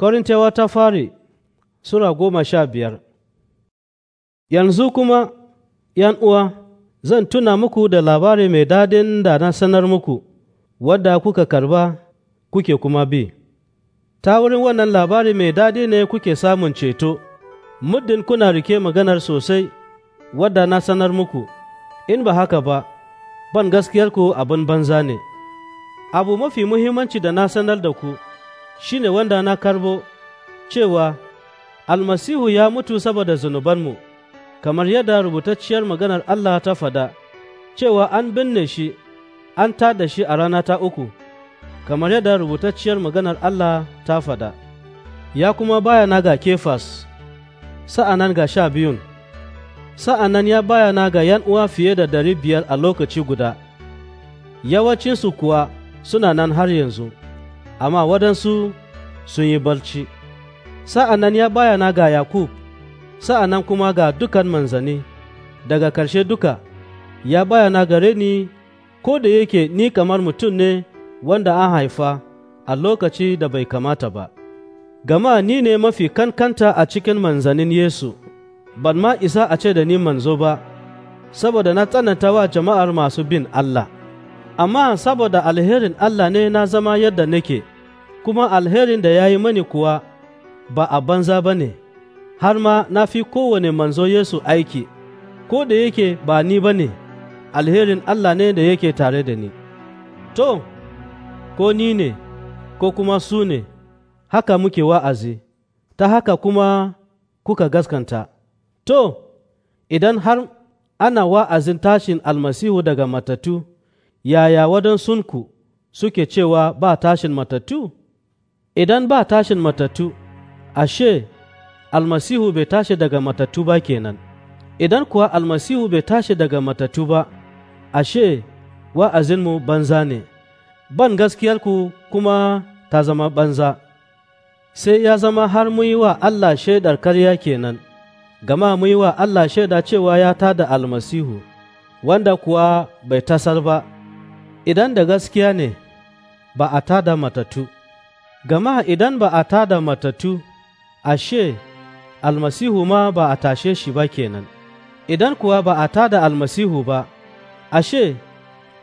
Korintawa ta fari Sura goma sha biyar Yanzu kuma, ’yan uwa, zan tuna muku da labari mai dadin da na sanar muku, wadda kuka karba kuke kuma bi. Ta wurin wannan labari mai dadi ne kuke samun ceto, muddin kuna rike maganar sosai wadda na sanar muku, in ba haka ba, ban gaskiyar ku abin banza ne. Abu mafi muhimmanci da na sanar da ku. shi ne wanda na karbo cewa almasihu ya mutu saboda zunubanmu kamar yadda rubutacciyar maganar Allah ta fada cewa an binne shi an tada shi a rana ta uku kamar yadda rubutacciyar maganar Allah ta fada ya kuma bayana ga kefas sa'anan ga sha biyun sa'anan ya bayana ga yan uwa fiye da dari biyar a lokaci guda yawancinsu kuwa suna nan har yanzu amma waɗansu sun yi barci. Sa'an nan ya bayana ga Yakub, sa'an nan kuma ga dukan manzani daga karshe duka, ya bayana gare ni ko da yake ni kamar mutum ne wanda an haifa a lokaci da bai kamata ba. Gama ni ne mafi kankanta a cikin manzanin Yesu, ban ma isa a ce da ni manzo ba, saboda na tsananta wa jama'ar masu bin Allah. amma saboda alherin Allah ne na zama yadda nake, kuma alherin da ya yi mani kuwa ba a banza ba ne, har ma na fi kowane manzo Yesu aiki, ko da yake ba ni ba ne, alherin Allah ne da yake tare da ni. To, ko ni ne, ko kuma su ne, haka muke wa'azi, ta haka kuma kuka gaskanta. To, idan har ana wa'azin tashin almasihu daga matattu. yaya waɗansunku suke cewa ba tashin matattu? Idan ba tashin matattu, ashe, almasihu bai tashi daga matattu ba kenan. Idan kuwa almasihu bai tashi daga matattu ba, ashe, wa'azinmu banza ne, ban gaskiyarku kuma ta zama banza. Sai ya zama har mu wa Allah shaidar karya kenan, gama mu wa Allah shaida cewa ya tada almasihu, wanda kuwa bai tasar ba. idan da gaskiya ne ba a tada matatu. gama idan ba a tada matatu ashe, almasihu ma ba a tashe shi ba kenan, idan kuwa ba a tada almasihu ba, ashe,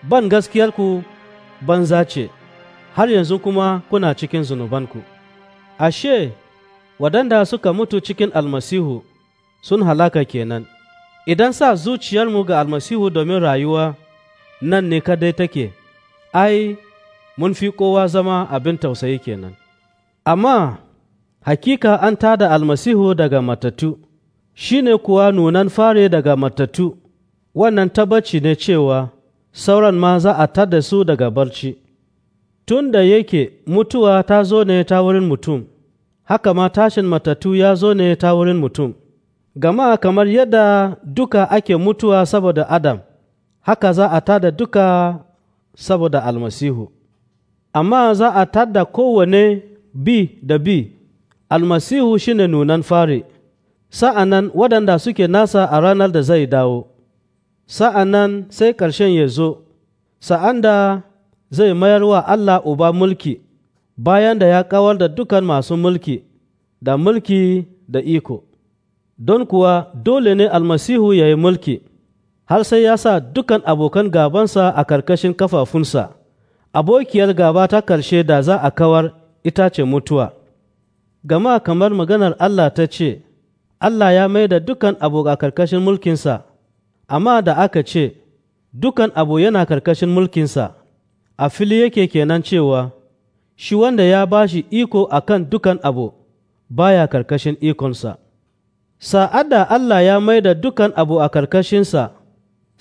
ban gaskiyarku ban zace har yanzu kuma kuna cikin zunubanku. Ashe, waɗanda suka mutu cikin almasihu sun halaka kenan, idan sa zuciyarmu ga almasihu domin rayuwa. nan ne kadai take, ai, mun fi kowa zama abin tausayi kenan. Amma, hakika an tada almasihu daga matatu shi ne kuwa nunan fare daga matatu wannan tabbaci ne cewa sauran ma za a tada su daga barci. Tun da yake mutuwa ta zo ne ta wurin mutum, haka ma tashin matattu ya zo ne ta wurin mutum, gama kamar yadda duka ake mutuwa saboda Adam. haka za a tada duka saboda almasihu amma za a tada kowane bi da bi almasihu shine nunan fari sa'annan waɗanda suke nasa a ranar da zai dawo sa'annan sai ƙarshen ya zo sa'an da zai mayar wa Allah uba mulki bayan da ya kawar da dukan masu mulki da mulki da iko don kuwa dole ne almasihu ya yi mulki har sai ya sa dukan abokan gabansa a karkashin kafafunsa, abokiyar gaba ta karshe da za a kawar ita ce mutuwa. Gama kamar maganar Allah ta ce, Allah ya mai da dukan abu a karkashin mulkinsa, amma da aka ce, dukan abu yana karkashin mulkinsa, a fili yake kenan cewa, shi wanda ya ba shi iko a kan dukan abu, baya karkashin ikonsa. Sa'ad da Allah ya mai da dukan abu a karkashinsa,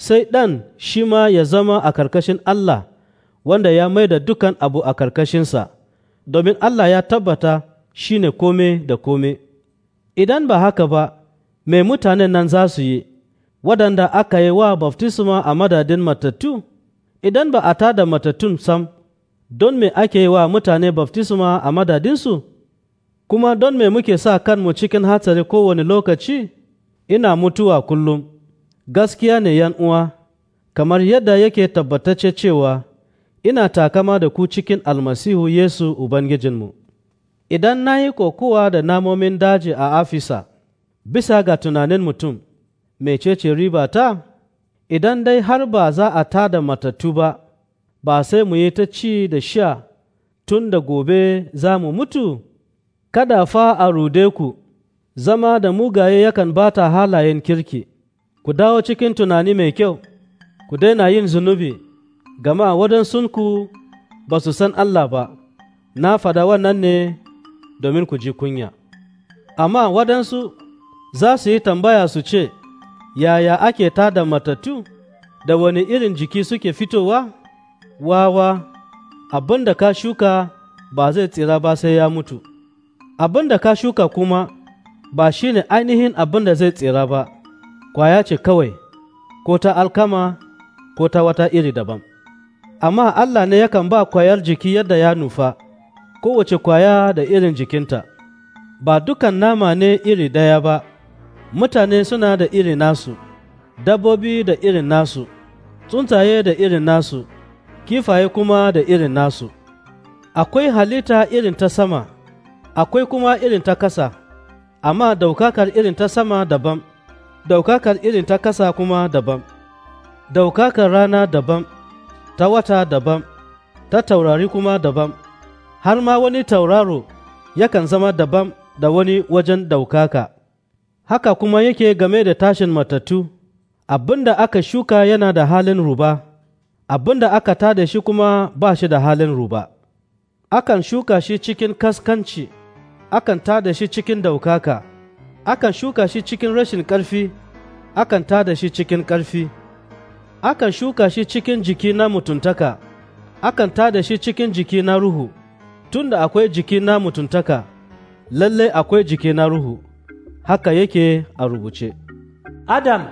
sai ɗan shi ma ya zama a karkashin Allah wanda ya mai da dukan abu a karkashinsa, domin Allah ya tabbata shi ne kome da kome. Idan ba haka ba, mai mutanen nan za su yi, waɗanda aka yi wa baftisma a madadin matattu? Idan ba a tada matattun sam, don me ake yi wa mutane baftisma a madadinsu? Kuma don me muke sa kanmu cikin hatsari kowane lokaci? Ina mutuwa kullum. gaskiya ne yan uwa, kamar yadda yake tabbatace cewa ina takama da ku cikin almasihu Yesu Ubangijinmu. Idan na yi kokowa da namomin daji a Afisa, bisa ga tunanin mutum, mecece riba ta? Idan dai har ba za a ta da matattu ba, ba sai mu yi ta ci da sha tun da gobe za mu mutu? Kada fa a rude ku, zama da mugaye yakan bata halayen kirki. ku dawo cikin tunani mai kyau, ku daina yin zunubi, gama waɗansunku ba su san Allah ba, na fada wannan ne domin ku ji kunya. Amma waɗansu za su yi tambaya su ce, Yaya ake tada matattu da wani irin jiki suke fitowa? Wawa, abin da ka shuka ba zai tsira ba sai ya mutu, abin da ka shuka kuma ba shi ne ainihin abin da zai tsira ba. kwaya ce kawai, ko ta alkama, ko ta wata iri daban. Amma Allah ne yakan ba kwayar jiki yadda ya nufa, kowace kwaya da irin jikinta, ba dukan nama ne iri daya ba, mutane suna da iri nasu, dabbobi da irin nasu, tsuntsaye da irin nasu, kifaye kuma da irin nasu. Akwai halitta irin ta sama, akwai kuma irin ta kasa, amma daukakar irin ta sama daban. daukakar irin ta kasa kuma daban, daukakar rana daban, ta wata daban, ta taurari kuma daban, har ma wani tauraro yakan zama daban da wani wajen daukaka. Haka kuma yake game da tashin matattu, abin da aka shuka yana da halin ruba, abin da aka tada shi kuma ba shi da halin ruba. Akan shuka shi cikin kaskanci, akan tada shi cikin daukaka. akan shuka shi cikin rashin ƙarfi, akan tada shi cikin ƙarfi, akan shuka shi cikin jiki na mutuntaka, akan tada shi cikin jiki na ruhu, tunda akwai jiki na mutuntaka, lalle akwai jiki na ruhu, haka yake a rubuce. Adam,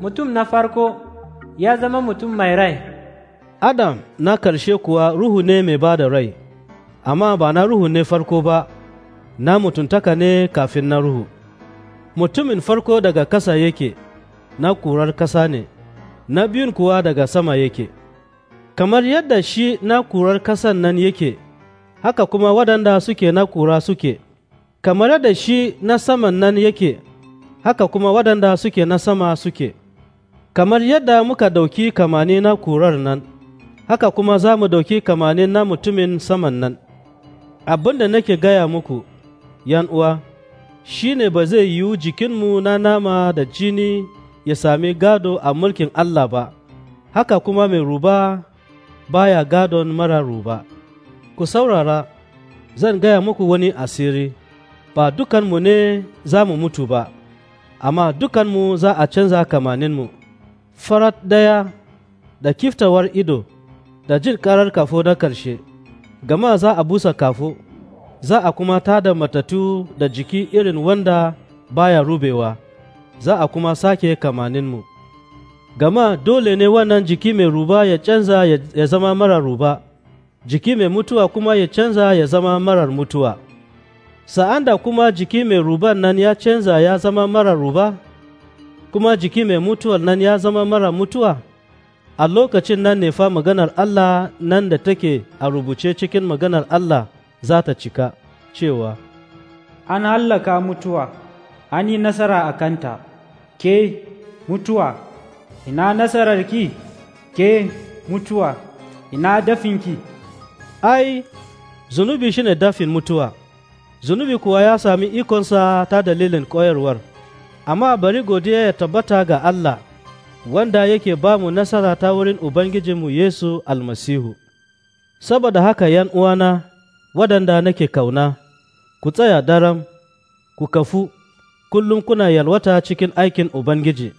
mutum na farko, ya zama mutum mai rai. Adam na ƙarshe kuwa ruhu ne mai ba da rai, amma ba na ruhu ne farko ba, na mutuntaka ne kafin na ruhu. mutumin farko daga kasa yake na kurar kasa ne na biyun kuwa daga sama yake kamar yadda shi na kurar kasan nan yake haka kuma waɗanda suke na kura suke kamar yadda shi na saman nan yake haka kuma waɗanda suke na sama suke kamar yadda muka ɗauki kamani na kurar nan haka kuma za mu dauki kamani na mutumin saman nan abin da nake gaya muku yan uwa shi ne ba zai yiwu jikinmu na nama da jini ya sami gado a mulkin Allah ba, haka kuma mai ruba baya gadon mara ruba. Ku saurara, zan gaya muku wani asiri, ba dukanmu ne za mu mutu ba, amma dukanmu za a canza kamaninmu. Farat ɗaya da kiftawar ido da jin karar kafo na ƙarshe, gama za a busa kafo. za a kuma tada matatu da jiki irin wanda baya rubewa, za a kuma sake kamaninmu. Gama dole ne wannan jiki mai ruba ya canza ya zama marar ruba, jiki mai mutuwa kuma ya canza ya zama marar mutuwa. Sa'an da kuma jiki mai ruban nan ya canza ya zama marar ruba, kuma jiki mai mutuwa nan ya zama marar mutuwa, a lokacin nan ne fa maganar Allah nan da take a rubuce cikin maganar Allah. za ta cika cewa an hallaka mutuwa an yi nasara a kanta ke mutuwa ina nasararki ke mutuwa ina dafinki ai zunubi shi ne dafin mutuwa zunubi kuwa ya sami ikonsa ta dalilin koyarwar amma bari godiya ya tabbata ga Allah wanda yake ba mu nasara ta wurin Ubangijinmu Yesu almasihu saboda haka yan uwana waɗanda nake kauna, ku tsaya daram, ku kafu, kullum kuna yalwata cikin aikin Ubangiji,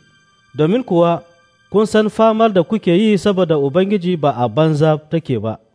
domin kuwa kun san famar da kuke yi saboda Ubangiji ba a banza take ba.